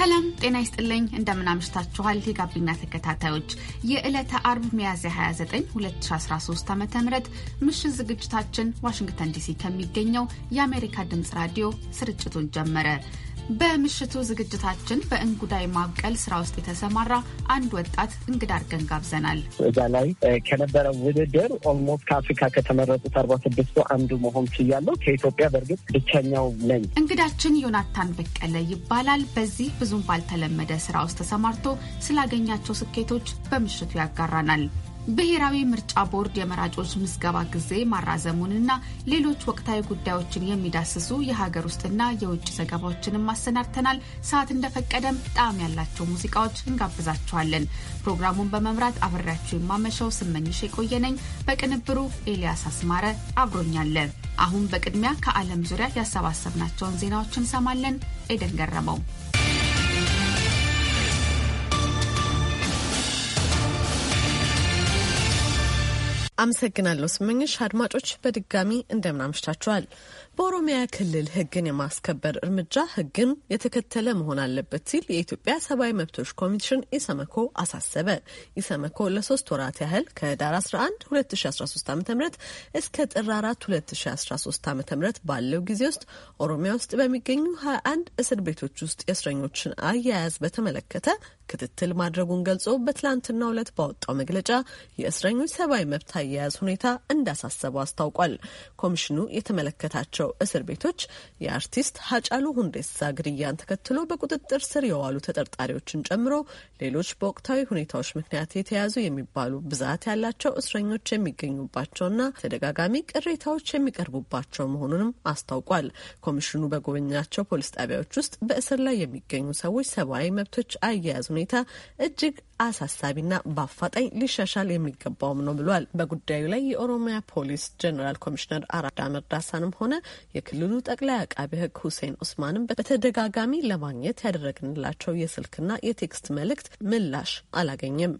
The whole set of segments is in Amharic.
ሰላም ጤና ይስጥልኝ። እንደምናምሽታችኋል የጋቢና ተከታታዮች የዕለተ አርብ ሚያዝያ 29 2013 ዓ ም ምሽት ዝግጅታችን ዋሽንግተን ዲሲ ከሚገኘው የአሜሪካ ድምፅ ራዲዮ ስርጭቱን ጀመረ። በምሽቱ ዝግጅታችን በእንጉዳይ ማብቀል ስራ ውስጥ የተሰማራ አንድ ወጣት እንግዳ አድርገን ጋብዘናል። እዛ ላይ ከነበረው ውድድር ኦልሞስት ከአፍሪካ ከተመረጡት አርባ ስድስቱ አንዱ መሆን ችያለሁ። ከኢትዮጵያ በእርግጥ ብቸኛው ነኝ። እንግዳችን ዮናታን በቀለ ይባላል። በዚህ ብዙም ባልተለመደ ስራ ውስጥ ተሰማርቶ ስላገኛቸው ስኬቶች በምሽቱ ያጋራናል። ብሔራዊ ምርጫ ቦርድ የመራጮች ምዝገባ ጊዜ ማራዘሙንና ሌሎች ወቅታዊ ጉዳዮችን የሚዳስሱ የሀገር ውስጥና የውጭ ዘገባዎችንም አሰናድተናል። ሰዓት እንደፈቀደም ጣዕም ያላቸው ሙዚቃዎች እንጋብዛችኋለን። ፕሮግራሙን በመምራት አብሬያችሁ የማመሸው ስመኝሽ የቆየነኝ፣ በቅንብሩ ኤልያስ አስማረ አብሮኛለ። አሁን በቅድሚያ ከዓለም ዙሪያ ያሰባሰብናቸውን ዜናዎች እንሰማለን። ኤደን ገረመው አመሰግናለሁ ስመኝሽ። አድማጮች በድጋሚ እንደምናምሽታችኋል። በኦሮሚያ ክልል ህግን የማስከበር እርምጃ ህግን የተከተለ መሆን አለበት ሲል የኢትዮጵያ ሰብአዊ መብቶች ኮሚሽን ኢሰመኮ አሳሰበ። ኢሰመኮ ለሶስት ወራት ያህል ከህዳር 11 2013 ዓ ም እስከ ጥር 4 2013 ዓ ም ባለው ጊዜ ውስጥ ኦሮሚያ ውስጥ በሚገኙ 21 እስር ቤቶች ውስጥ የእስረኞችን አያያዝ በተመለከተ ክትትል ማድረጉን ገልጾ በትላንትናው ዕለት ባወጣው መግለጫ የእስረኞች ሰብአዊ መብት አያያዝ ሁኔታ እንዳሳሰበው አስታውቋል። ኮሚሽኑ የተመለከታቸው እስር ቤቶች የአርቲስት ሀጫሉ ሁንዴሳ ግድያን ተከትሎ በቁጥጥር ስር የዋሉ ተጠርጣሪዎችን ጨምሮ ሌሎች በወቅታዊ ሁኔታዎች ምክንያት የተያዙ የሚባሉ ብዛት ያላቸው እስረኞች የሚገኙባቸውና ተደጋጋሚ ቅሬታዎች የሚቀርቡባቸው መሆኑንም አስታውቋል። ኮሚሽኑ በጎበኛቸው ፖሊስ ጣቢያዎች ውስጥ በእስር ላይ የሚገኙ ሰዎች ሰብአዊ መብቶች አያያዝ ሁኔታ እጅግ አሳሳቢና በአፋጣኝ ሊሻሻል የሚገባውም ነው ብሏል። በጉዳዩ ላይ የኦሮሚያ ፖሊስ ጀኔራል ኮሚሽነር አራዳ መርዳሳንም ሆነ የክልሉ ጠቅላይ አቃቢ ሕግ ሁሴን ኡስማንም በተደጋጋሚ ለማግኘት ያደረግንላቸው የስልክና የቴክስት መልእክት ምላሽ አላገኘም።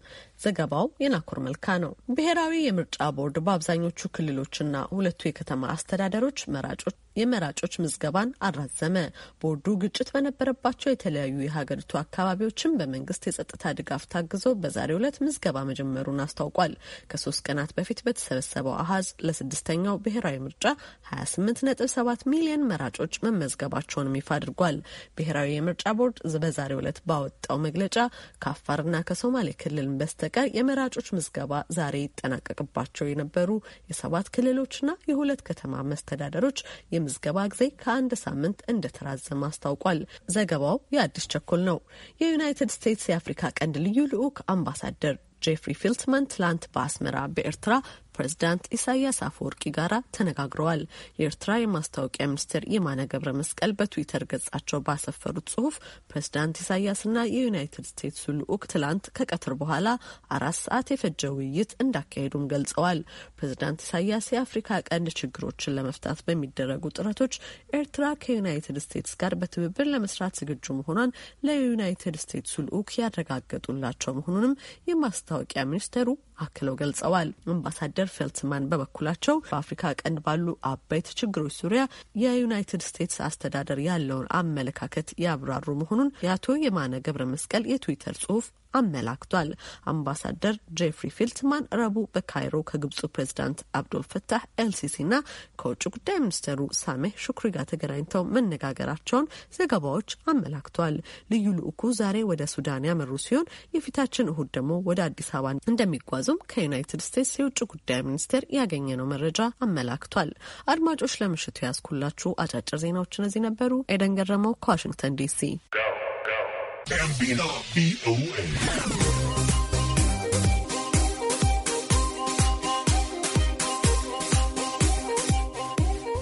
ዘገባው የናኩር መልካ ነው። ብሔራዊ የምርጫ ቦርድ በአብዛኞቹ ክልሎችና ሁለቱ የከተማ አስተዳደሮች መራጮች የመራጮች ምዝገባን አራዘመ። ቦርዱ ግጭት በነበረባቸው የተለያዩ የሀገሪቱ አካባቢዎችም በመንግስት የጸጥታ ድጋፍ ታግዞ በዛሬው ዕለት ምዝገባ መጀመሩን አስታውቋል። ከሶስት ቀናት በፊት በተሰበሰበው አሀዝ ለስድስተኛው ብሔራዊ ምርጫ 28.7 ሚሊዮን መራጮች መመዝገባቸውንም ይፋ አድርጓል። ብሔራዊ የምርጫ ቦርድ በዛሬው ዕለት ባወጣው መግለጫ ከአፋርና ከሶማሌ ክልል በስተ በስተቀር የመራጮች ምዝገባ ዛሬ ይጠናቀቅባቸው የነበሩ የሰባት ክልሎችና የሁለት ከተማ መስተዳደሮች የምዝገባ ጊዜ ከአንድ ሳምንት እንደተራዘመ አስታውቋል። ዘገባው የአዲስ ቸኮል ነው። የዩናይትድ ስቴትስ የአፍሪካ ቀንድ ልዩ ልዑክ አምባሳደር ጄፍሪ ፊልትመን ትላንት በአስመራ በኤርትራ ፕሬዚዳንት ኢሳያስ አፈወርቂ ጋር ተነጋግረዋል። የኤርትራ የማስታወቂያ ሚኒስትር የማነ ገብረ መስቀል በትዊተር ገጻቸው ባሰፈሩት ጽሁፍ ፕሬዚዳንት ኢሳያስና የዩናይትድ ስቴትሱ ልዑክ ትላንት ከቀትር በኋላ አራት ሰዓት የፈጀ ውይይት እንዳካሄዱም ገልጸዋል። ፕሬዚዳንት ኢሳያስ የአፍሪካ ቀንድ ችግሮችን ለመፍታት በሚደረጉ ጥረቶች ኤርትራ ከዩናይትድ ስቴትስ ጋር በትብብር ለመስራት ዝግጁ መሆኗን ለዩናይትድ ስቴትሱ ልዑክ ያረጋገጡላቸው መሆኑንም የማስታወቂያ ሚኒስትሩ አክለው ገልጸዋል። አምባሳደር ፌልትማን በበኩላቸው በአፍሪካ ቀንድ ባሉ አበይት ችግሮች ዙሪያ የዩናይትድ ስቴትስ አስተዳደር ያለውን አመለካከት ያብራሩ መሆኑን የአቶ የማነ ገብረ መስቀል የትዊተር ጽሁፍ አመላክቷል። አምባሳደር ጄፍሪ ፊልትማን ረቡ በካይሮ ከግብፁ ፕሬዚዳንት አብዶል ፈታህ ኤልሲሲና ከውጭ ጉዳይ ሚኒስተሩ ሳሜህ ሹክሪ ጋር ተገናኝተው መነጋገራቸውን ዘገባዎች አመላክቷል። ልዩ ልኡኩ ዛሬ ወደ ሱዳን ያመሩ ሲሆን የፊታችን እሁድ ደግሞ ወደ አዲስ አበባ እንደሚጓዙም ከዩናይትድ ስቴትስ የውጭ ጉዳይ ሚኒስቴር ያገኘነው መረጃ አመላክቷል። አድማጮች ለምሽቱ ያዝኩላችሁ አጫጭር ዜናዎች እነዚህ ነበሩ። ኤደን ገረመው ከዋሽንግተን ዲሲ Bambino, B-O-A.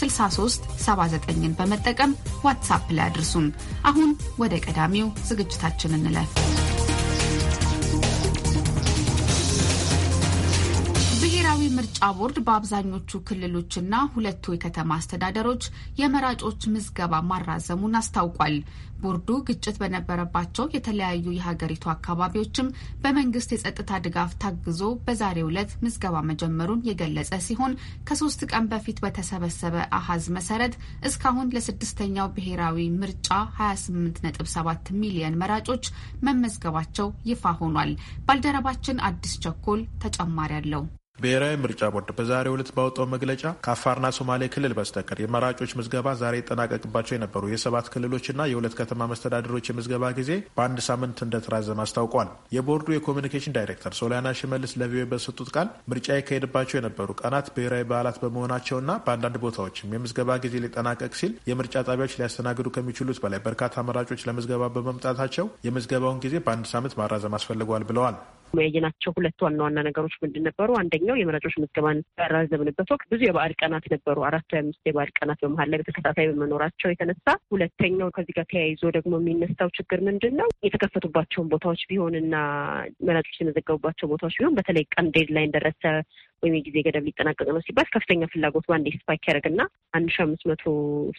6379 ን በመጠቀም ዋትሳፕ ላይ አድርሱን። አሁን ወደ ቀዳሚው ዝግጅታችን እንለፍ። ምርጫ ቦርድ በአብዛኞቹ ክልሎችና ሁለቱ የከተማ አስተዳደሮች የመራጮች ምዝገባ ማራዘሙን አስታውቋል። ቦርዱ ግጭት በነበረባቸው የተለያዩ የሀገሪቱ አካባቢዎችም በመንግስት የጸጥታ ድጋፍ ታግዞ በዛሬው ዕለት ምዝገባ መጀመሩን የገለጸ ሲሆን ከሶስት ቀን በፊት በተሰበሰበ አሀዝ መሰረት እስካሁን ለስድስተኛው ብሔራዊ ምርጫ 28.7 ሚሊየን መራጮች መመዝገባቸው ይፋ ሆኗል። ባልደረባችን አዲስ ቸኮል ተጨማሪ አለው። ብሔራዊ ምርጫ ቦርድ በዛሬው ዕለት ባወጣው መግለጫ ከአፋርና ሶማሌ ክልል በስተቀር የመራጮች ምዝገባ ዛሬ ይጠናቀቅባቸው የነበሩ የሰባት ክልሎችና የሁለት ከተማ መስተዳደሮች የምዝገባ ጊዜ በአንድ ሳምንት እንደተራዘመ አስታውቋል። የቦርዱ የኮሚኒኬሽን ዳይሬክተር ሶሊያና ሽመልስ ለቪኦኤ በሰጡት ቃል ምርጫ ይካሄድባቸው የነበሩ ቀናት ብሔራዊ በዓላት በመሆናቸውና በአንዳንድ ቦታዎችም የምዝገባ ጊዜ ሊጠናቀቅ ሲል የምርጫ ጣቢያዎች ሊያስተናግዱ ከሚችሉት በላይ በርካታ መራጮች ለምዝገባ በመምጣታቸው የምዝገባውን ጊዜ በአንድ ሳምንት ማራዘም አስፈልጓል ብለዋል። ያየናቸው ሁለት ዋና ዋና ነገሮች ምንድን ነበሩ? አንደኛው የመራጮች ምዝገባን ያራዘምንበት ወቅት ብዙ የበዓል ቀናት ነበሩ። አራት አምስት የበዓል ቀናት በመሀል ላይ በተከታታይ በመኖራቸው የተነሳ ሁለተኛው ከዚህ ጋር ተያይዞ ደግሞ የሚነሳው ችግር ምንድን ነው? የተከፈቱባቸውን ቦታዎች ቢሆን እና መራጮች የመዘገቡባቸው ቦታዎች ቢሆን በተለይ ቀን ዴድላይን ደረሰ ወይም የጊዜ ገደብ ሊጠናቀቅ ነው ሲባል ከፍተኛ ፍላጎት በአንድ ስፓይክ ያደርግና አንድ ሺ አምስት መቶ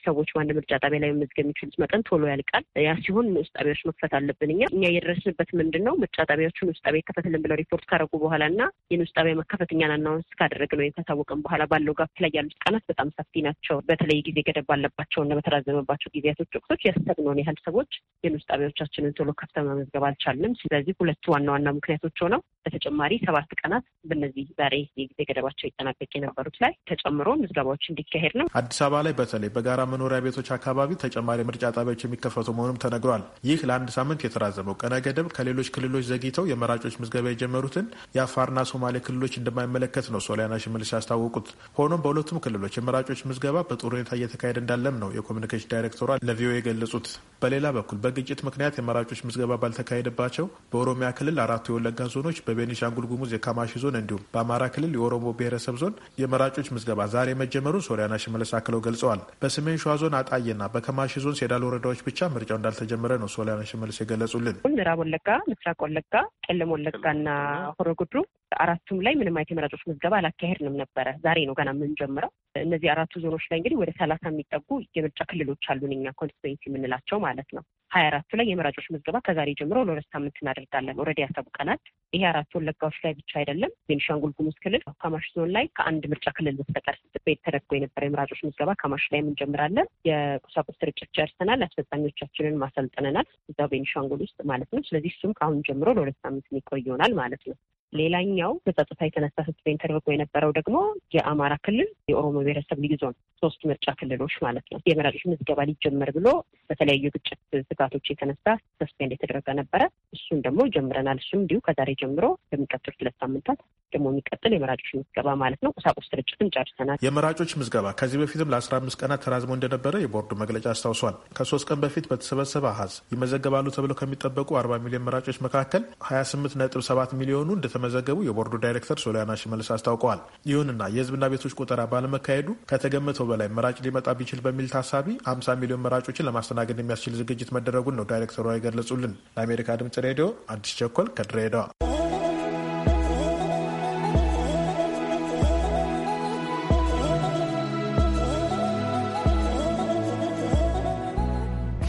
ሰዎች በአንድ ምርጫ ጣቢያ ላይ መመዝገብ የሚችሉት መጠን ቶሎ ያልቃል። ያ ሲሆን ንዑስ ጣቢያዎች መክፈት አለብን። እኛ እኛ የደረስንበት ምንድን ነው ምርጫ ጣቢያዎቹ ንዑስ ጣቢያ ይከፈትልን ብለው ሪፖርት ካደረጉ በኋላ እና የንዑስ ጣቢያ መከፈት እኛን አናውንስ ካደረግ ነው ከታወቀን በኋላ ባለው ጋፕ ላይ ያሉት ቀናት በጣም ሰፊ ናቸው። በተለይ ጊዜ ገደብ ባለባቸውና በተራዘመባቸው ጊዜያቶች ወቅቶች ያሰብነውን ያህል ሰዎች የንዑስ ጣቢያዎቻችንን ቶሎ ከፍተ መመዝገብ አልቻልንም። ስለዚህ ሁለቱ ዋና ዋና ምክንያቶች ሆነው በተጨማሪ ሰባት ቀናት በነዚህ ዛሬ ጊዜ ገደባቸው ይጠናቀቅ የነበሩት ላይ ተጨምሮ ምዝገባዎች እንዲካሄድ ነው። አዲስ አበባ ላይ በተለይ በጋራ መኖሪያ ቤቶች አካባቢ ተጨማሪ ምርጫ ጣቢያዎች የሚከፈቱ መሆኑም ተነግሯል። ይህ ለአንድ ሳምንት የተራዘመው ቀነ ገደብ ከሌሎች ክልሎች ዘግይተው የመራጮች ምዝገባ የጀመሩትን የአፋርና ሶማሌ ክልሎች እንደማይመለከት ነው ሶሊያና ሽመልስ ያስታወቁት። ሆኖም በሁለቱም ክልሎች የመራጮች ምዝገባ በጥሩ ሁኔታ እየተካሄደ እንዳለም ነው የኮሚኒኬሽን ዳይሬክተሯ ለቪኦኤ የገለጹት። በሌላ በኩል በግጭት ምክንያት የመራጮች ምዝገባ ባልተካሄደባቸው በኦሮሚያ ክልል አራቱ የወለጋ ዞኖች፣ በቤኒሻንጉል ጉሙዝ የካማሺ ዞን እንዲሁም በአማራ ክልል የኦሮሞ ብሔረሰብ ዞን የመራጮች ምዝገባ ዛሬ መጀመሩን ሶሪያና ሽመለስ አክለው ገልጸዋል። በሰሜን ሸዋ ዞን አጣዬና በከማሽ ዞን ሴዳል ወረዳዎች ብቻ ምርጫው እንዳልተጀመረ ነው ሶሪያና ሽመለስ የገለጹልን። ምዕራብ ወለጋ፣ ምስራቅ ወለጋ፣ ቄለም ወለጋና ሆሮ ጉድሩ አራቱም ላይ ምንም አይነት የመራጮች ምዝገባ አላካሄድንም ነበረ። ዛሬ ነው ገና የምንጀምረው። እነዚህ አራቱ ዞኖች ላይ እንግዲህ ወደ ሰላሳ የሚጠጉ የምርጫ ክልሎች አሉን እኛ ኮንስቲትዌንሲ የምንላቸው ማለት ነው። ሀያ አራቱ ላይ የመራጮች ምዝገባ ከዛሬ ጀምሮ ለሁለት ሳምንት እናደርጋለን። ወረዳ ያሳውቀናል። ይሄ አራቱ ወለጋዎች ላይ ብቻ አይደለም። ቤኒሻንጉል ጉሙዝ ክልል ከማሽ ዞን ላይ ከአንድ ምርጫ ክልል በስተቀር ስጥበት ተደርጎ የነበረ የመራጮች ምዝገባ ከማሽ ላይም እንጀምራለን። የቁሳቁስ ስርጭት ጨርሰናል። አስፈጻሚዎቻችንን ማሰልጠነናል። እዛው ቤኒሻንጉል ውስጥ ማለት ነው። ስለዚህ እሱም ከአሁን ጀምሮ ለሁለት ሳምንት የሚቆይ ይሆናል ማለት ነው። ሌላኛው በጸጥታ የተነሳ ስትቤን ተደርጎ የነበረው ደግሞ የአማራ ክልል የኦሮሞ ብሔረሰብ ልዩ ዞን ሶስት ምርጫ ክልሎች ማለት ነው የመራጮች ምዝገባ ሊጀመር ብሎ በተለያዩ ግጭት ስጋቶች የተነሳ ሰስፔንድ የተደረገ ነበረ። እሱን ደግሞ ጀምረናል። እሱም እንዲሁ ከዛሬ ጀምሮ በሚቀጥሉት ሁለት ሳምንታት ደግሞ የሚቀጥል የመራጮች ምዝገባ ማለት ነው። ቁሳቁስ ስርጭትን ጨርሰናል። የመራጮች ምዝገባ ከዚህ በፊትም ለአስራ አምስት ቀናት ተራዝሞ እንደነበረ የቦርዱ መግለጫ አስታውሷል። ከሶስት ቀን በፊት በተሰበሰበ አሀዝ ይመዘገባሉ ተብለው ከሚጠበቁ አርባ ሚሊዮን መራጮች መካከል ሀያ ስምንት ነጥብ ሰባት ሚሊዮኑ እንደተ እንደተመዘገቡ የቦርዱ ዳይሬክተር ሶሊያና ሽመልስ አስታውቀዋል። ይሁንና የህዝብና ቤቶች ቆጠራ ባለመካሄዱ ከተገመተው በላይ መራጭ ሊመጣ ቢችል በሚል ታሳቢ 50 ሚሊዮን መራጮችን ለማስተናገድ የሚያስችል ዝግጅት መደረጉን ነው ዳይሬክተሯ የገለጹልን። ለአሜሪካ ድምጽ ሬዲዮ አዲስ ቸኮል ከድሬዳዋ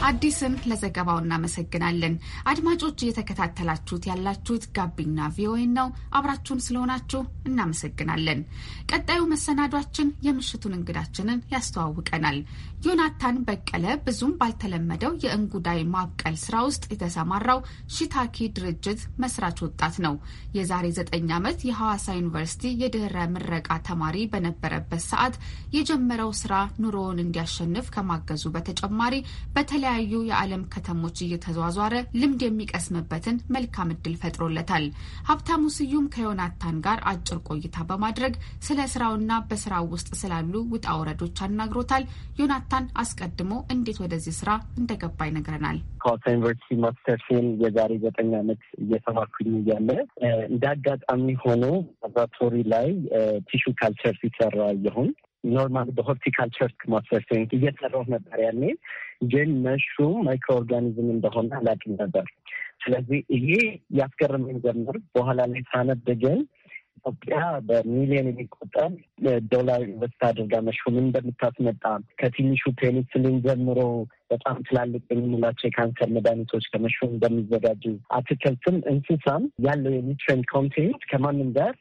አዲስን ለዘገባው እናመሰግናለን። አድማጮች እየተከታተላችሁት ያላችሁት ጋቢና ቪኦኤ ነው። አብራችሁን ስለሆናችሁ እናመሰግናለን። ቀጣዩ መሰናዷችን የምሽቱን እንግዳችንን ያስተዋውቀናል። ዮናታን በቀለ ብዙም ባልተለመደው የእንጉዳይ ማብቀል ስራ ውስጥ የተሰማራው ሺታኪ ድርጅት መስራች ወጣት ነው። የዛሬ ዘጠኝ ዓመት የሐዋሳ ዩኒቨርሲቲ የድህረ ምረቃ ተማሪ በነበረበት ሰዓት የጀመረው ስራ ኑሮውን እንዲያሸንፍ ከማገዙ በተጨማሪ በተለያ በተለያዩ የዓለም ከተሞች እየተዟዟረ ልምድ የሚቀስምበትን መልካም እድል ፈጥሮለታል። ሀብታሙ ስዩም ከዮናታን ጋር አጭር ቆይታ በማድረግ ስለ ስራውና በስራው ውስጥ ስላሉ ውጣ ውረዶች አናግሮታል። ዮናታን አስቀድሞ እንዴት ወደዚህ ስራ እንደገባ ይነግረናል። ከዋሳ ዩኒቨርሲቲ ማስተርሴን የዛሬ ዘጠኝ ዓመት እየተማርኩኝ እያለ እንደ አጋጣሚ ሆኖ ላብራቶሪ ላይ ቲሹ ካልቸር ሲሰራ የሆን ኖርማል በሆርቲካልቸር ማስተርስ እየሰራሁ ነበር። ያኔ ግን መሹም ማይክሮ ኦርጋኒዝም እንደሆነ አላውቅም ነበር። ስለዚህ ይሄ ያስገርመኝ ጀምር። በኋላ ላይ ሳነብ ግን ኢትዮጵያ በሚሊዮን የሚቆጠር ዶላር ኢንቨስት አድርጋ መሹም እንደምታስመጣ ከትንሹ ፔኒስሊን ጀምሮ በጣም ትላልቅ የምንላቸው የካንሰር መድኃኒቶች ከመሾ እንደሚዘጋጁ አትክልትም እንስሳም ያለው የኒውትሪንት ኮንቴንት ከማንም ጋር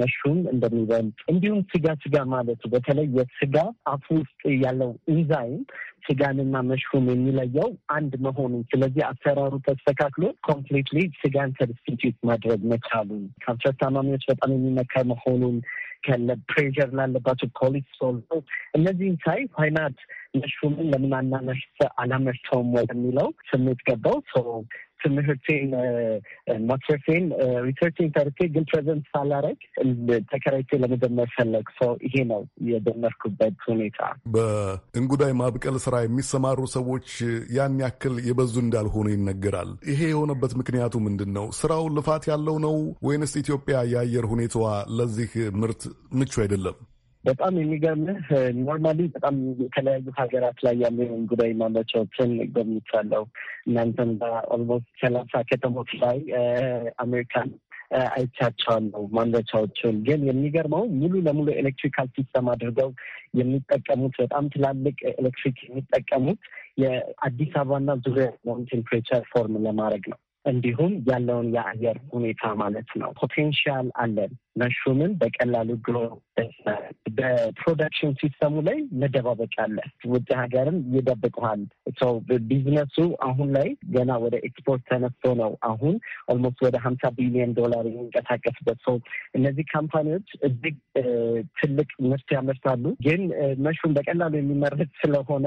መሹም እንደሚበልጥ እንዲሁም ስጋ ስጋ ማለቱ በተለይ የስጋ አፉ ውስጥ ያለው ኢንዛይም ስጋንና መሽሩም የሚለየው አንድ መሆኑ ስለዚህ አሰራሩ ተስተካክሎ ኮምፕሊትሊ ስጋን ሰብስቲትዩት ማድረግ መቻሉ ካንሰር ታማሚዎች በጣም የሚመካ መሆኑን ከለ ፕሬር ላለባቸው ሶል እነዚህን ሳይ ፋይናት ለሹምን ለምን አናመርተውም ወደሚለው ስሜት ገባው። ትምህርቴን ማስተርሴን ሪሰርችን ተርኬ ግን ፕሬዘንት ሳላረግ ተከራይቼ ለመጀመር ፈለግ ሰው ይሄ ነው የጀመርኩበት ሁኔታ። በእንጉዳይ ማብቀል ስራ የሚሰማሩ ሰዎች ያን ያክል የበዙ እንዳልሆኑ ይነገራል። ይሄ የሆነበት ምክንያቱ ምንድን ነው? ስራው ልፋት ያለው ነው ወይንስ ኢትዮጵያ የአየር ሁኔታዋ ለዚህ ምርት ምቹ አይደለም? በጣም የሚገርምህ ኖርማሊ በጣም የተለያዩ ሀገራት ላይ ያሉ ጉዳይ ማምረቻዎችን በሚቻለው እናንተም በኦልሞስት ሰላሳ ከተሞች ላይ አሜሪካን አይቻቸዋለሁ ማምረቻዎችን። ግን የሚገርመው ሙሉ ለሙሉ ኤሌክትሪካል ሲስተም አድርገው የሚጠቀሙት በጣም ትላልቅ ኤሌክትሪክ የሚጠቀሙት የአዲስ አበባና ዙሪያ ያለውን ቴምፕሬቸር ፎርም ለማድረግ ነው። እንዲሁም ያለውን የአየር ሁኔታ ማለት ነው። ፖቴንሻል አለን መሾምን በቀላሉ ድሮ በፕሮዳክሽን ሲስተሙ ላይ መደባበቅ አለ። ውጭ ሀገርም ይደብቀዋል። ሰው ቢዝነሱ አሁን ላይ ገና ወደ ኤክስፖርት ተነስቶ ነው አሁን ኦልሞስት ወደ ሀምሳ ቢሊዮን ዶላር የሚንቀሳቀስበት ሰው። እነዚህ ካምፓኒዎች እጅግ ትልቅ ምርት ያመርታሉ። ግን መሹም በቀላሉ የሚመረት ስለሆነ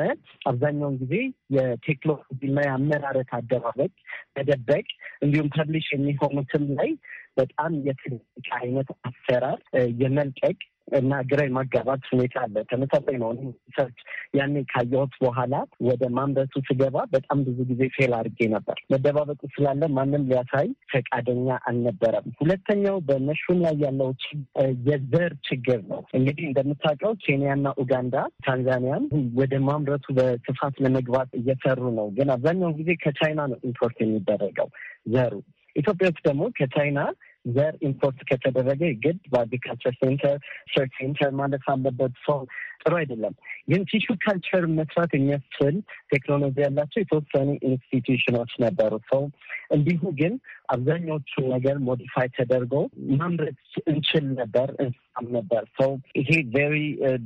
አብዛኛውን ጊዜ የቴክኖሎጂና የአመራረት አደባበቅ መደበቅ እንዲሁም ፐብሊሽ የሚሆኑትም ላይ በጣም የትንቅ አይነት አሰራር የመልቀቅ እና ግራ የማጋባት ሁኔታ አለ። ተመሳሳይ ነው። ሰርች ያኔ ካየሁት በኋላ ወደ ማንበሱ ስገባ በጣም ብዙ ጊዜ ፌል አድርጌ ነበር። መደባበቁ ስላለ ማንም ሊያሳይ ፈቃደኛ አልነበረም። ሁለተኛው በመሹም ላይ ያለው የዘር ችግር ነው። እንግዲህ እንደምታውቀው ኬንያና ኡጋንዳ፣ ታንዛኒያን ወደ ማምረቱ በስፋት ለመግባት እየሰሩ ነው። ግን አብዛኛውን ጊዜ ከቻይና ነው ኢምፖርት የሚደረገው ዘሩ ኢትዮጵያ ውስጥ ደግሞ ከቻይና ዘር ኢምፖርት ከተደረገ ግድ በአግሪካልቸር ሴንተር ሪሰርች ሴንተር ማለት አለበት ሰው ጥሩ አይደለም። ግን ቲሹ ካልቸር መስራት የሚያስችል ቴክኖሎጂ ያላቸው የተወሰኑ ኢንስቲትዩሽኖች ነበሩ። ሰው እንዲሁ ግን አብዛኛዎቹ ነገር ሞዲፋይ ተደርጎ ማምረት እንችል ነበር እንስሳም ነበር። ሰው ይሄ ቬሪ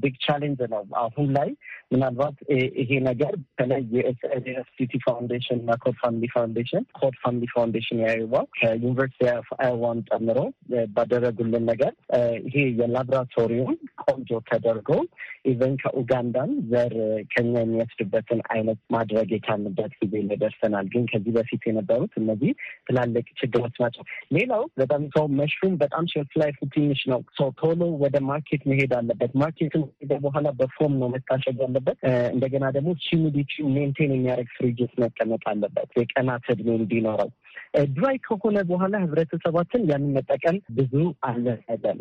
ቢግ ቻሌንጅ ነው። አሁን ላይ ምናልባት uh, ይሄ ነገር በተለይ የኤስኤስሲቲ ፋውንዴሽን እና ኮድ ፋሚሊ ፋውንዴሽን ኮድ ፋሚሊ ፋውንዴሽን ያዩዋ ከዩኒቨርሲቲ ኦፍ አይዋን ጨምሮ uh, ባደረጉልን ነገር uh, ይሄ የላቦራቶሪውን ቆንጆ ተደርጎ ኢቨን ከኡጋንዳም ዘር ከኛ የሚወስድበትን አይነት ማድረግ የቻልንበት ጊዜ ላይ ደርሰናል። ግን ከዚህ በፊት የነበሩት እነዚህ ትላልቅ ችግሮች ናቸው። ሌላው በጣም ሰው መሽሩም በጣም ሸልፍ ላይፉ ትንሽ ነው። ሰው ቶሎ ወደ ማርኬት መሄድ አለበት። ማርኬትን ሄደ በኋላ በፎም ነው መታሸግ አለበት። እንደገና ደግሞ ሂዩሚዲቲ ሜንቴን የሚያደርግ ፍሪጅ መቀመጥ አለበት የቀናት እድሜ እንዲኖረው ድራይ ከሆነ በኋላ ህብረተሰባችን ያንን መጠቀም ብዙ አልለመደም።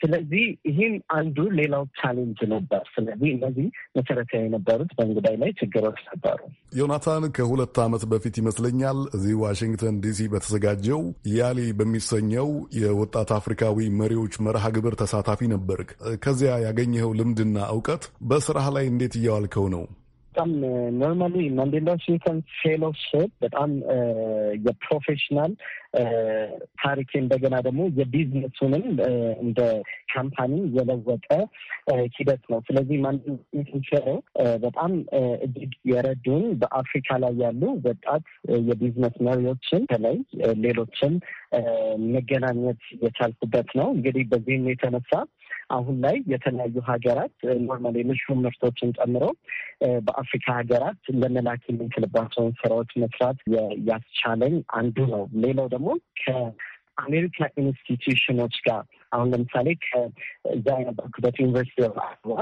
ስለዚህ ይህም አንዱ ሌላው ቻሌንጅ ነበር። ስለዚህ እነዚህ መሰረታዊ የነበሩት በእንጉዳይ ላይ ችግሮች ነበሩ። ዮናታን ከሁለት ዓመት በፊት ይመስለኛል እዚህ ዋሽንግተን ዲሲ በተዘጋጀው ያሌ በሚሰኘው የወጣት አፍሪካዊ መሪዎች መርሃ ግብር ተሳታፊ ነበርክ። ከዚያ ያገኘኸው ልምድና እውቀት በስራህ ላይ እንዴት እያዋልከው ነው? በጣም ኖርማሊ ማንዴላ ዊልሰን ፌሎሺፕ በጣም የፕሮፌሽናል ታሪክ እንደገና ደግሞ የቢዝነሱንም እንደ ካምፓኒ የለወጠ ሂደት ነው። ስለዚህ ማንዴላ በጣም እጅግ የረዱን በአፍሪካ ላይ ያሉ ወጣት የቢዝነስ መሪዎችን በተለይ ሌሎችን መገናኘት የቻልኩበት ነው። እንግዲህ በዚህም የተነሳ አሁን ላይ የተለያዩ ሀገራት ኖርማል የመሽሩም ምርቶችን ጨምሮ በአፍሪካ ሀገራት ለመላክ የምንችልባቸውን ስራዎች መስራት ያስቻለኝ አንዱ ነው። ሌላው ደግሞ ከአሜሪካ ኢንስቲትዩሽኖች ጋር አሁን ለምሳሌ ከዛ የነበርኩበት ዩኒቨርሲቲ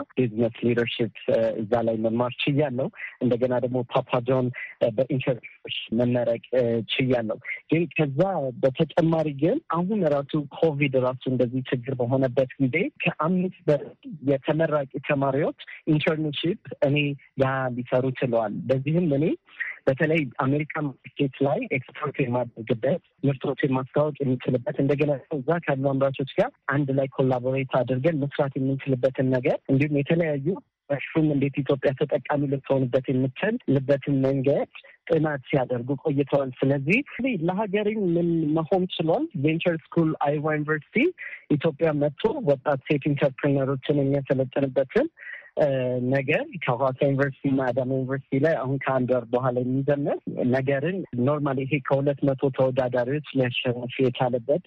ኦፍ ቢዝነስ ሊደርሽፕ እዛ ላይ መማር ችያለሁ። እንደገና ደግሞ ፓፓጆን በኢንተርሽ መመረቅ ችያለሁ። ግን ከዛ በተጨማሪ ግን አሁን ራሱ ኮቪድ ራሱ እንደዚህ ችግር በሆነበት ጊዜ ከአምስት የተመራቂ ተማሪዎች ኢንተርንሽፕ እኔ ያ ሊሰሩ ችለዋል። በዚህም እኔ በተለይ አሜሪካ ማርኬት ላይ ኤክስፖርት የማደርግበት ምርቶች ማስታወቅ የምንችልበት እንደገና እዛ ካሉ አምራቾች ጋር አንድ ላይ ኮላቦሬት አድርገን መስራት የምንችልበትን ነገር እንዲሁም የተለያዩ መሽሩም እንዴት ኢትዮጵያ ተጠቃሚ ልትሆንበት የምትችልበትን መንገድ ጥናት ሲያደርጉ ቆይተዋል። ስለዚህ ለሀገሪ ምን መሆን ችሏል። ቬንቸር ስኩል አይዋ ዩኒቨርሲቲ ኢትዮጵያ መጥቶ ወጣት ሴት ኢንተርፕሪነሮችን የሚያሰለጥንበትን ነገር ከሐዋሳ ዩኒቨርሲቲ እና አዳማ ዩኒቨርሲቲ ላይ አሁን ከአንድ ወር በኋላ የሚዘመት ነገርን ኖርማሊ ይሄ ከሁለት መቶ ተወዳዳሪዎች ሊያሸንፍ የቻለበት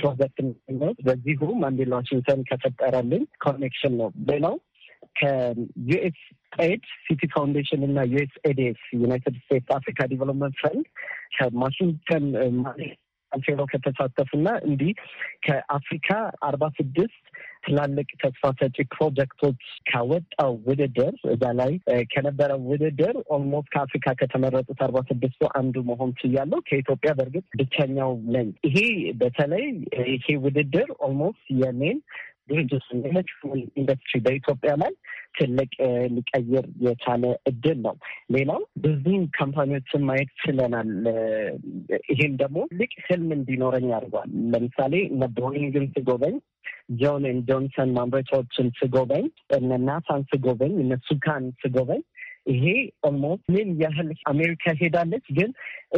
ፕሮጀክት ነው። በዚሁ ማንዴላ ዋሽንግተን ከፈጠረልን ኮኔክሽን ነው። ሌላው ከዩኤስ ኤድ ሲቲ ፋውንዴሽን እና ዩኤስ ኤድኤስ ዩናይትድ ስቴትስ አፍሪካ ዲቨሎፕመንት ፈንድ ከዋሽንግተን ማ አንፌሎ ከተሳተፉ እና እንዲህ ከአፍሪካ አርባ ስድስት ትላልቅ ተስፋ ሰጪ ፕሮጀክቶች ካወጣው ውድድር እዛ ላይ ከነበረው ውድድር ኦልሞስት ከአፍሪካ ከተመረጡት አርባ ስድስቱ አንዱ መሆን ችያለሁ። ከኢትዮጵያ በእርግጥ ብቸኛው ነኝ። ይሄ በተለይ ይሄ ውድድር ኦልሞስት የኔን ድርጅት ኤሌክትሮል ኢንዱስትሪ በኢትዮጵያ ላይ ትልቅ ሊቀይር የቻለ እድል ነው። ሌላው ብዙ ካምፓኒዎችን ማየት ችለናል። ይህም ደግሞ ትልቅ ህልም እንዲኖረኝ አድርጓል። ለምሳሌ እነ ቦይንግን ስጎበኝ፣ ጆን ኤንድ ጆንሰን ማምረቻዎችን ስጎበኝ፣ እነ ናሳን ስጎበኝ፣ እነ ሱካን ስጎበኝ ይሄ ኦልሞስት ምን ያህል አሜሪካ ሄዳለች፣ ግን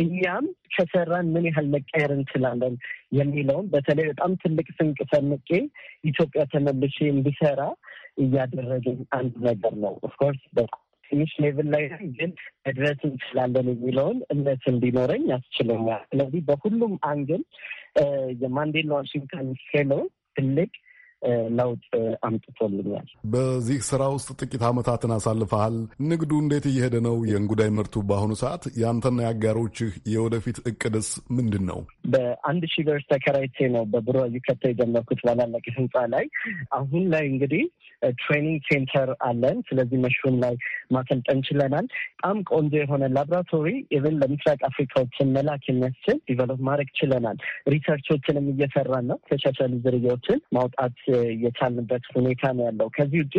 እኛም ከሰራን ምን ያህል መቀየር እንችላለን የሚለውን በተለይ በጣም ትልቅ ስንቅ ሰንቄ ኢትዮጵያ ተመልሼ እንዲሰራ እያደረግን አንድ ነገር ነው። ኦፍኮርስ ትንሽ ሌቭል ላይ ግን መድረስ እንችላለን የሚለውን እምነት እንዲኖረኝ ያስችለኛል። ስለዚህ በሁሉም አንግል የማንዴላ ዋሽንግተን ፌሎ ትልቅ ለውጥ አምጥቶልኛል። በዚህ ስራ ውስጥ ጥቂት ዓመታትን አሳልፈሃል። ንግዱ እንዴት እየሄደ ነው? የእንጉዳይ ምርቱ በአሁኑ ሰዓት የአንተና የአጋሮችህ የወደፊት እቅድስ ምንድን ነው? በአንድ ሺህ ብር ተከራይቼ ነው በብሮ ዩከተ የጀመርኩት ባላለቀ ህንፃ ላይ። አሁን ላይ እንግዲህ ትሬኒንግ ሴንተር አለን። ስለዚህ መሽሩም ላይ ማሰልጠን ችለናል። በጣም ቆንጆ የሆነ ላብራቶሪ ኢቨን ለምስራቅ አፍሪካዎችን መላክ የሚያስችል ዲቨሎፕ ማድረግ ችለናል። ሪሰርቾችንም እየሰራን ነው። ተሻሻሉ ዝርያዎችን ማውጣት የቻልንበት ሁኔታ ነው ያለው። ከዚህ ውጪ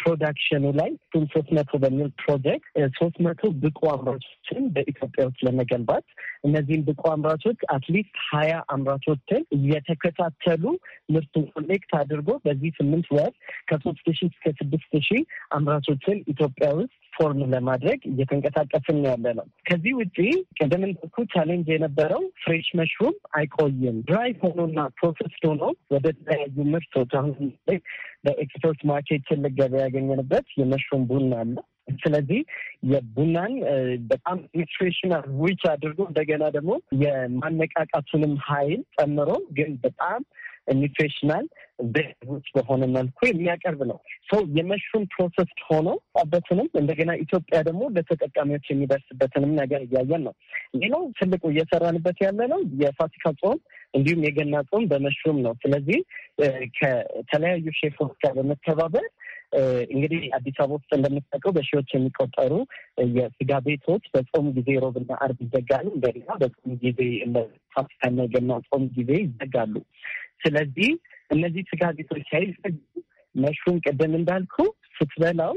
ፕሮዳክሽኑ ላይ ቱም ሶስት መቶ በሚል ፕሮጀክት ሶስት መቶ ብቁ አምራቾችን በኢትዮጵያ ውስጥ ለመገንባት እነዚህም ብቁ አምራቾች አትሊስት ሀያ አምራቾችን እየተከታተሉ ምርቱን ኮሌክት አድርጎ በዚህ ስምንት ወር ከሶስት ሺ እስከ ስድስት ሺ አምራቾችን ኢትዮጵያ ውስጥ ፎርም ለማድረግ እየተንቀሳቀስን ያለ ነው። ከዚህ ውጭ ቀደም እንዳልኩ ቻሌንጅ የነበረው ፍሬሽ መሽሩም አይቆይም። ድራይ ሆኖና ፕሮሰስ ሆኖ ወደ ተለያዩ ምርቶች አሁን በኤክስፖርት ማርኬት ትልቅ ገበያ ያገኘንበት የመሽሩም ቡና አለ። ስለዚህ የቡናን በጣም ኒትሪሽናል ዊች አድርጎ እንደገና ደግሞ የማነቃቃቱንም ኃይል ጨምሮ ግን በጣም ኒትሪሽናል ቤች በሆነ መልኩ የሚያቀርብ ነው። ሰው የመሹም ፕሮሰስ ሆኖ በትንም እንደገና ኢትዮጵያ ደግሞ ለተጠቃሚዎች የሚደርስበትንም ነገር እያየን ነው። ሌላው ትልቁ እየሰራንበት ያለ ነው የፋሲካ ጾም እንዲሁም የገና ጾም በመሹም ነው። ስለዚህ ከተለያዩ ሼፎች ጋር በመተባበር እንግዲህ አዲስ አበባ ውስጥ እንደምታውቀው በሺዎች የሚቆጠሩ የስጋ ቤቶች በጾም ጊዜ ሮብና አርብ ይዘጋሉ። እንደገና በጾም ጊዜ ፋሲካና የገና ጾም ጊዜ ይዘጋሉ። ስለዚህ እነዚህ ስጋ ቤቶች ሳይዘጉ መሹም ቅድም እንዳልኩ ስትበላው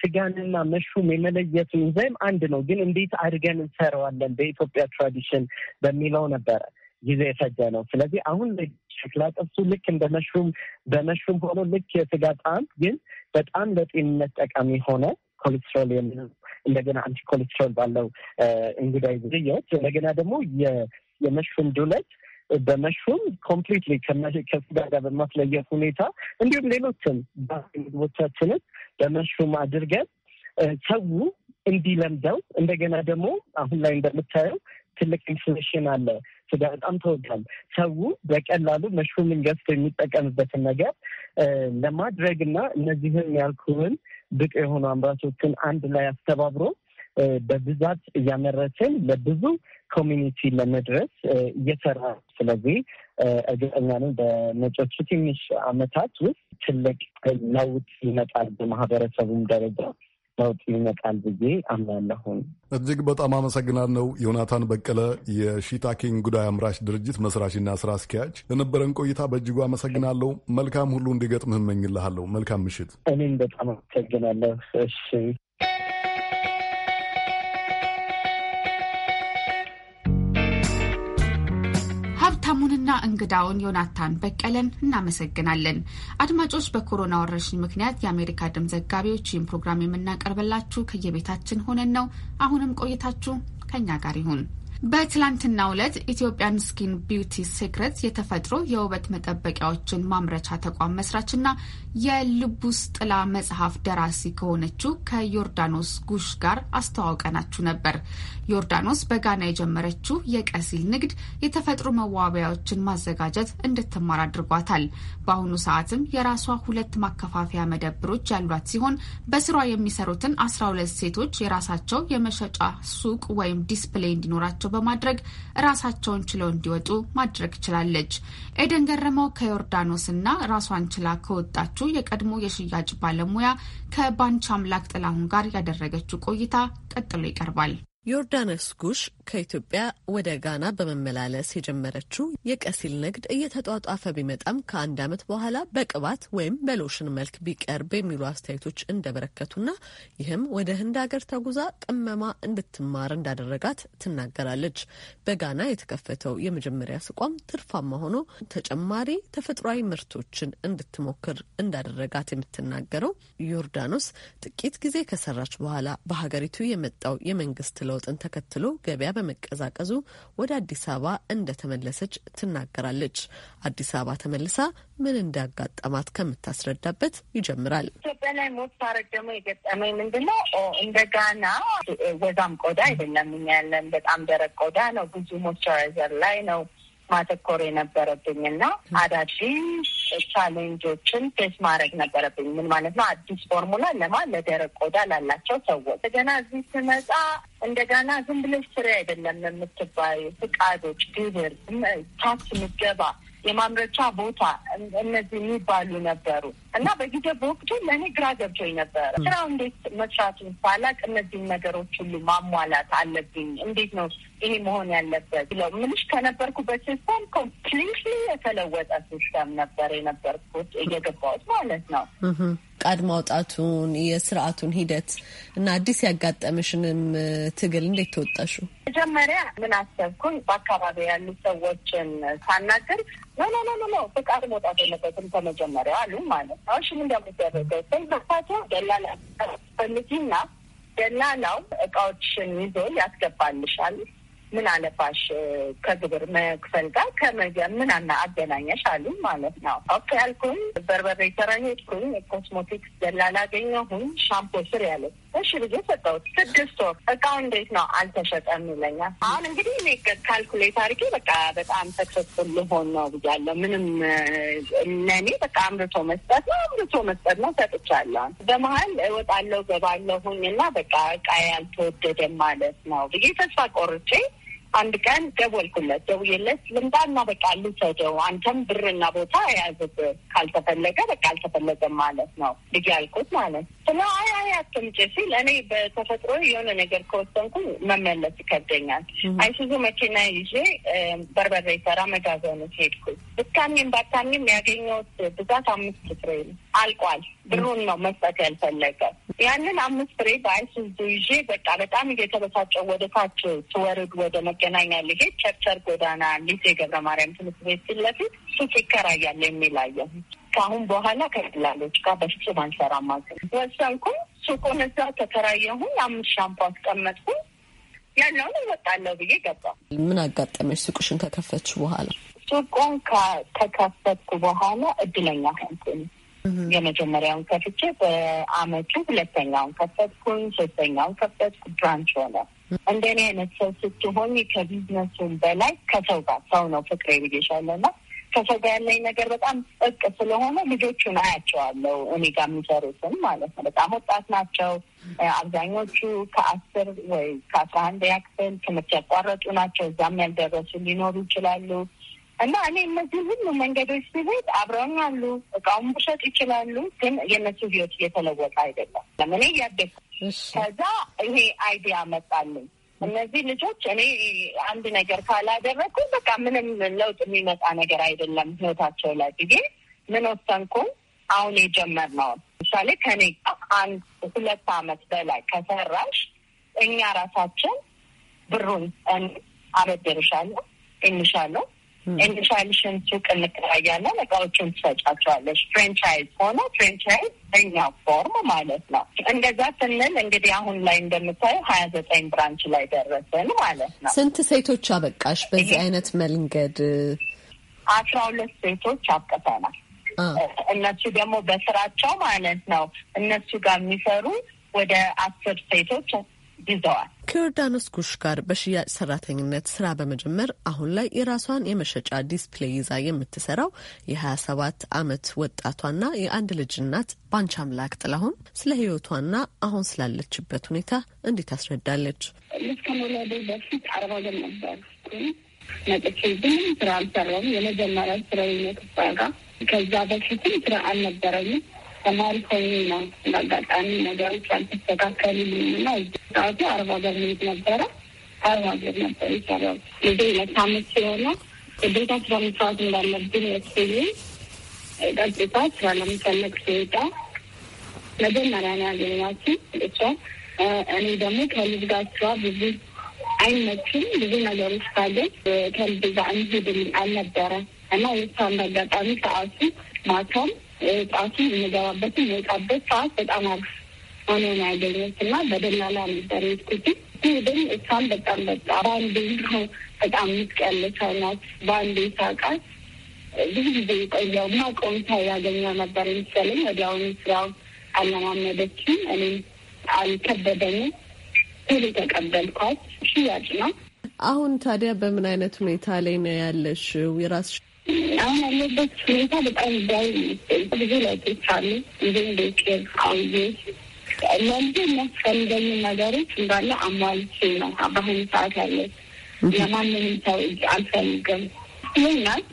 ስጋንና መሹም የመለየቱ ዘም አንድ ነው፣ ግን እንዴት አድርገን እንሰራዋለን በኢትዮጵያ ትራዲሽን በሚለው ነበረ ጊዜ የፈጀ ነው። ስለዚህ አሁን ሸክላ ጥብሱ ልክ እንደ መሹም በመሹም ሆኖ ልክ የስጋ ጣዕም ግን በጣም ለጤንነት ጠቃሚ ሆነ ኮሌስትሮል እንደገና አንቲ ኮሌስትሮል ባለው እንጉዳይ ዝርያዎች እንደገና ደግሞ የመሹም ዱለት በመሾም ኮምፕሊትሊ ከስጋ ጋር በማስለየት ሁኔታ እንዲሁም ሌሎችም ባህላዊ ምግቦቻችንን በመሾም አድርገን ሰው እንዲለምደው እንደገና ደግሞ አሁን ላይ እንደምታየው ትልቅ ኢንፍሌሽን አለ። ስጋ በጣም ተወዷል። ሰው በቀላሉ መሹምን ገዝቶ የሚጠቀምበትን ነገር ለማድረግ እና እነዚህን ያልኩህን ብቅ የሆኑ አምራቾችን አንድ ላይ አስተባብሮ በብዛት እያመረትን ለብዙ ኮሚኒቲ ለመድረስ እየሰራ ስለዚህ እርግጠኛ ነኝ በመጪዎቹ ትንሽ አመታት ውስጥ ትልቅ ለውጥ ይመጣል። በማህበረሰቡም ደረጃ ለውጥ ይመጣል ብዬ አምናለሁን። እጅግ በጣም አመሰግናለሁ። ዮናታን በቀለ የሺታኪን ጉዳይ አምራች ድርጅት መስራችና ስራ አስኪያጅ፣ ለነበረን ቆይታ በእጅጉ አመሰግናለሁ። መልካም ሁሉ እንዲገጥምህ እመኝልሃለሁ። መልካም ምሽት። እኔም በጣም አመሰግናለሁ። እሺ። እና እንግዳውን ዮናታን በቀለን እናመሰግናለን። አድማጮች፣ በኮሮና ወረርሽኝ ምክንያት የአሜሪካ ድምፅ ዘጋቢዎች ይህን ፕሮግራም የምናቀርብላችሁ ከየቤታችን ሆነን ነው። አሁንም ቆይታችሁ ከእኛ ጋር ይሁን። በትላንትናው ዕለት ኢትዮጵያን ስኪን ቢውቲ ሴክረት የተፈጥሮ የውበት መጠበቂያዎችን ማምረቻ ተቋም መስራችና የልቡስ ጥላ መጽሐፍ ደራሲ ከሆነችው ከዮርዳኖስ ጉሽ ጋር አስተዋውቀናችሁ ነበር። ዮርዳኖስ በጋና የጀመረችው የቀሲል ንግድ የተፈጥሮ መዋቢያዎችን ማዘጋጀት እንድትማር አድርጓታል። በአሁኑ ሰዓትም የራሷ ሁለት ማከፋፈያ መደብሮች ያሏት ሲሆን በስሯ የሚሰሩትን አስራ ሁለት ሴቶች የራሳቸው የመሸጫ ሱቅ ወይም ዲስፕሌይ እንዲኖራቸው በማድረግ ራሳቸውን ችለው እንዲወጡ ማድረግ ችላለች። ኤደን ገረመው ከዮርዳኖስና ራሷን ችላ ከወጣችው የቀድሞ የሽያጭ ባለሙያ ከባንቻ አምላክ ጥላሁን ጋር ያደረገችው ቆይታ ቀጥሎ ይቀርባል። ዮርዳኖስ ጉሽ ከኢትዮጵያ ወደ ጋና በመመላለስ የጀመረችው የቀሲል ንግድ እየተጧጧፈ ቢመጣም ከአንድ ዓመት በኋላ በቅባት ወይም በሎሽን መልክ ቢቀርብ የሚሉ አስተያየቶች እንደበረከቱና ይህም ወደ ህንድ ሀገር ተጉዛ ቅመማ እንድትማር እንዳደረጋት ትናገራለች። በጋና የተከፈተው የመጀመሪያ ስቋም ትርፋማ ሆኖ ተጨማሪ ተፈጥሯዊ ምርቶችን እንድትሞክር እንዳደረጋት የምትናገረው ዮርዳኖስ ጥቂት ጊዜ ከሰራች በኋላ በሀገሪቱ የመጣው የመንግስት ለ ለውጥን ተከትሎ ገበያ በመቀዛቀዙ ወደ አዲስ አበባ እንደተመለሰች ትናገራለች። አዲስ አበባ ተመልሳ ምን እንዳጋጠማት ከምታስረዳበት ይጀምራል። ኢትዮጵያ ላይ ሞት ሳረግ ደግሞ የገጠመኝ ምንድነው? እንደ ጋና ወዛም ቆዳ አይደለም። እኛ ያለን በጣም ደረቅ ቆዳ ነው። ብዙ ሞይስቸራይዘር ላይ ነው ማተኮር የነበረብኝ እና አዳዲስ ቻሌንጆችን ፌስ ማድረግ ነበረብኝ። ምን ማለት ነው? አዲስ ፎርሙላ ለማ ለደረቅ ቆዳ ላላቸው ሰዎች እንደገና እዚህ ስመጣ እንደገና ዝም ብለሽ ስራ አይደለም የምትባዩ ፍቃዶች፣ ግብር፣ ታክስ ምገባ የማምረቻ ቦታ እነዚህ የሚባሉ ነበሩ እና በጊዜ በወቅቱ ለእኔ ግራ ገብቶኝ ነበረ። ስራው እንዴት መስራቱን ሳላቅ እነዚህን ነገሮች ሁሉ ማሟላት አለብኝ እንዴት ነው ይሄ መሆን ያለበት ብለው ምንሽ ከነበርኩበት ሲስተም ኮምፕሊትሊ የተለወጠ ሲስተም ነበር የነበርኩት እየገባሁት ማለት ነው። ቃድ ማውጣቱን የስርዓቱን ሂደት እና አዲስ ያጋጠመሽንም ትግል እንዴት ተወጠሹ? መጀመሪያ ምን አሰብኩኝ፣ በአካባቢ ያሉ ሰዎችን ሳናገር ኖኖኖኖ ኖ ፍቃድ መውጣት የለበትም ከመጀመሪያ አሉ ማለት ነው። እሺ ምን እንደሚደረገው በሳቸው ደላላ ፈልጊና ደላላው እቃዎችን ይዞ ያስገባልሻል ምን አለፋሽ ከግብር መክፈል ጋር ከመጀመር ምን አና አገናኘሽ አሉ ማለት ነው። ኦኬ አልኩኝ። በርበሬ ተራ ሄድኩኝ። ኮስሞቲክስ ደላላ አገኘሁኝ። ሻምፖ ስር ያለች እሺ ብዬ ሰጠሁት። ስድስት ወር እቃው እንዴት ነው አልተሸጠም ይለኛል። አሁን እንግዲህ እኔ ካልኩሌት አድርጌ በቃ በጣም ሰክሰስፉል ልሆን ነው ብያለሁ። ምንም ለእኔ በቃ አምርቶ መስጠት ነው አምርቶ መስጠት ነው ሰጥቻለሁ። በመሀል እወጣለሁ ገባለሁኝ እና በቃ እቃ ያልተወደደ ማለት ነው ብዬ ተስፋ ቆርቼ አንድ ቀን ደወልኩለት። ደውዬለት ልምጣና በቃ ልውሰደው፣ አንተም ብርና ቦታ የያዘት ካልተፈለገ በቃ አልተፈለገም ማለት ነው ልጅ ያልኩት ማለት ስለ አይ አይ አትምጭ ሲል እኔ በተፈጥሮ የሆነ ነገር ከወሰንኩ መመለስ ይከብደኛል። አይሱዙ መኪና ይዤ በርበሬ ሰራ መጋዘኑ ሄድኩ። ብታሚም ባታሚም ያገኘሁት ብዛት አምስት ፍሬ አልቋል። ብሩን ነው መስጠት ያልፈለገው። ያንን አምስት ፍሬ በአይሱዙ ይዤ በቃ በጣም እየተበሳጨው ወደ ታች ስወርድ ወደ መገናኛ ልሄድ ቸርቸር ጎዳና ሊሴ ገብረ ማርያም ትምህርት ቤት ፊት ለፊት ሱቅ ይከራያል የሚል አየሁ። ከአሁን በኋላ ከደላሎች ጋር በፍጹም አንሰራም ወሰንኩኝ። ሱቁን እዛ ተከራየሁኝ። አምስት ሻምፖ አስቀመጥኩኝ። ያለውን እመጣለሁ ብዬ ገባ። ምን አጋጠመች? ሱቁሽን ከከፈች በኋላ ሱቁን ከከፈትኩ በኋላ እድለኛ ሆንኩኝ። የመጀመሪያውን ከፍቼ በአመቱ ሁለተኛውን ከፈትኩኝ፣ ሶስተኛውን ከፈትኩ። ብራንች ሆነ። እንደኔ አይነት ሰው ስትሆኝ ከቢዝነሱን በላይ ከሰው ጋር ሰው ነው ፍቅሬ ብዬሻለና ከሰው ጋር ያለኝ ነገር በጣም እቅ ስለሆነ ልጆቹን አያቸዋለሁ እኔ ጋር የሚሰሩትን ማለት ነው። በጣም ወጣት ናቸው። አብዛኞቹ ከአስር ወይ ከአስራ አንድ ያክፍል ትምህርት ያቋረጡ ናቸው። እዛም ያልደረሱ ሊኖሩ ይችላሉ። እና እኔ እነዚህ ሁሉ መንገዶች ሲሄድ አብረውኝ አሉ። እቃውን መሸጥ ይችላሉ፣ ግን የእነሱ ህይወት እየተለወጠ አይደለም። ለምን እያደግ ከዛ ይሄ አይዲያ መጣልኝ። እነዚህ ልጆች እኔ አንድ ነገር ካላደረግኩ በቃ ምንም ለውጥ የሚመጣ ነገር አይደለም ህይወታቸው ላይ ጊዜ ምን ወሰንኩ? አሁን የጀመርነውን ምሳሌ ከኔ አንድ ሁለት አመት በላይ ከሰራሽ እኛ ራሳችን ብሩን አበደርሻለሁ፣ እንሻለሁ የሻልሽን ሱቅ እንከራያለን፣ እቃዎችን ትሰጫቸዋለች። ፍሬንቻይዝ ሆነ ፍሬንቻይዝ በኛ ፎርም ማለት ነው። እንደዛ ስንል እንግዲህ አሁን ላይ እንደምታየው ሀያ ዘጠኝ ብራንች ላይ ደረስን ማለት ነው። ስንት ሴቶች አበቃሽ በዚህ አይነት መንገድ? አስራ ሁለት ሴቶች አብቅተናል። እነሱ ደግሞ በስራቸው ማለት ነው እነሱ ጋር የሚሰሩ ወደ አስር ሴቶች ይዘዋል። ከዮርዳኖስ ጉሽ ጋር በሽያጭ ሰራተኝነት ስራ በመጀመር አሁን ላይ የራሷን የመሸጫ ዲስፕሌይ ይዛ የምትሰራው የ27 ዓመት ወጣቷና የአንድ ልጅ እናት ባንቻ አምላክ ጥላሁን ስለ ህይወቷና አሁን ስላለችበት ሁኔታ እንዴት አስረዳለች። ልጅ ከመውለዴ በፊት አረብ ሀገር ነበር መጥቼ ግን ስራ አልሰራውም። የመጀመሪያ ስራ ከዛ በፊትም ስራ አልነበረኝም። ተማሪ ከሆኑ ነው እንዳጋጣሚ ነገሮች አልተስተካከሉልኝም እና ሰዓቱ አርባ ሀገር መሄድ ነበረ። አርባ ሀገር ነበር ይሰራው ጊዜ ለሳምንት ስለሆነ ግዴታ ስራ መስራት እንዳለብኝ ወስኝ ቀጥታ ስራ ለመፈለግ ሲወጣ መጀመሪያ ነው ያገኘኋቸው እሷ። እኔ ደግሞ ከልጅ ጋር ስራ ብዙ አይመችም ብዙ ነገሮች ካለ ከልጅ ጋር እንሂድ አልነበረ እና የእሷ እንዳጋጣሚ ሰዓቱ ማታም ሰዓቱ የምገባበትን የወጣበት ሰዓት በጣም አሪፍ ሆነ ያገኘት እና በደላላ ነበር የሄድኩት። ግን እሷም በጣም በቃ በአንዴ ነው በጣም የምትቀልድ ሰው ናት። በአንዴ ሳቃት ብዙ ጊዜ የቆየው እና ቆይታ ያገኘ ነበር መሰለኝ። ወዲያውኑ ስራው አለማመደችም፣ እኔም አልከበደኝም። ቶሎ ተቀበልኳት። ሽያጭ ነው። አሁን ታዲያ በምን አይነት ሁኔታ ላይ ነው ያለሽው? የራስሽ አሁን ያለበት ሁኔታ በጣም ዳይ ብዙ ለውጦች አሉ። ይህም ቤቄር አዩ ለልጅ የሚያስፈልገኝ ነገሮች እንዳለ አሟልቼ ነው በአሁኑ ሰዓት ያለት የማንንም ሰው እጅ አልፈልግም ይሆናል።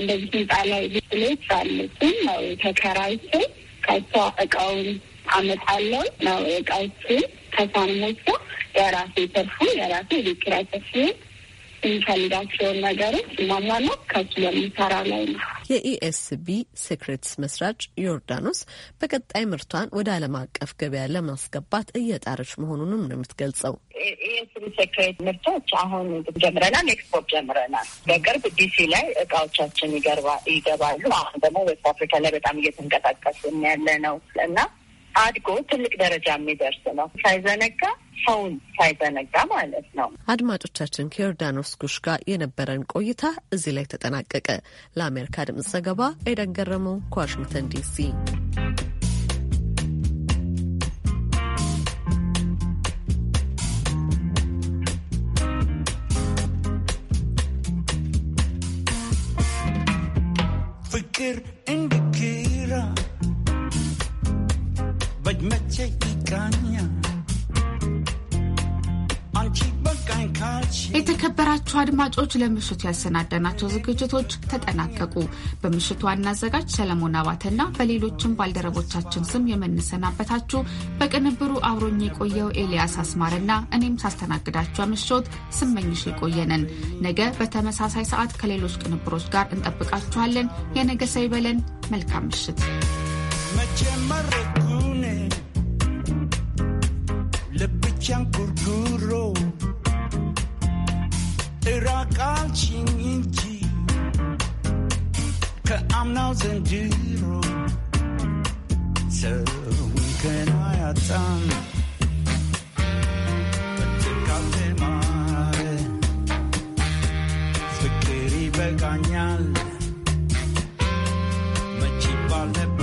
እንደዚህ ህንፃ ላይ ብስሌት አሉ። እሱም ነው ተከራይቼ ከቷ እቃውን አመጣለው ነው እቃዎችን ከሳን ሞቶ የራሴ ተርፉ የራሴ ቤኪራ ተርፉ የሚፈልጋቸውን ነገሮች ማሟላት ከሱ ላይ ነው። የኢኤስቢ ሴክሬትስ መስራች ዮርዳኖስ በቀጣይ ምርቷን ወደ ዓለም አቀፍ ገበያ ለማስገባት እየጣረች መሆኑንም ነው የምትገልጸው። ኢኤስቢ ሴክሬት ምርቶች አሁን ጀምረናል፣ ኤክስፖርት ጀምረናል። በቅርብ ዲሲ ላይ እቃዎቻችን ይገባሉ። አሁን ደግሞ ዌስት አፍሪካ ላይ በጣም እየተንቀሳቀስ ያለ ነው እና አድጎ ትልቅ ደረጃ የሚደርስ ነው። ሳይዘነጋ ሰውን ሳይዘነጋ ማለት ነው። አድማጮቻችን ከዮርዳኖስ ጉሽ ጋር የነበረን ቆይታ እዚህ ላይ ተጠናቀቀ። ለአሜሪካ ድምጽ ዘገባ ኤደን ገረመው ከዋሽንግተን ዲሲ። የተከበራችሁ አድማጮች ለምሽቱ ያሰናዳናቸው ዝግጅቶች ተጠናቀቁ። በምሽቱ ዋና አዘጋጅ ሰለሞን አባተና በሌሎችም ባልደረቦቻችን ስም የምንሰናበታችሁ በቅንብሩ አብሮኝ የቆየው ኤልያስ አስማርና እኔም ሳስተናግዳችሁ አምሾት ስመኝሽ የቆየንን ነገ በተመሳሳይ ሰዓት ከሌሎች ቅንብሮች ጋር እንጠብቃችኋለን። የነገ ሰው ይበለን። መልካም ምሽት። Le እራቃልችኝ እንጂ ከአምናው ዘንድሮ ሰውን ከና ያጣን ካልተማረ ፍቅር ይበቃኛል መች ይባል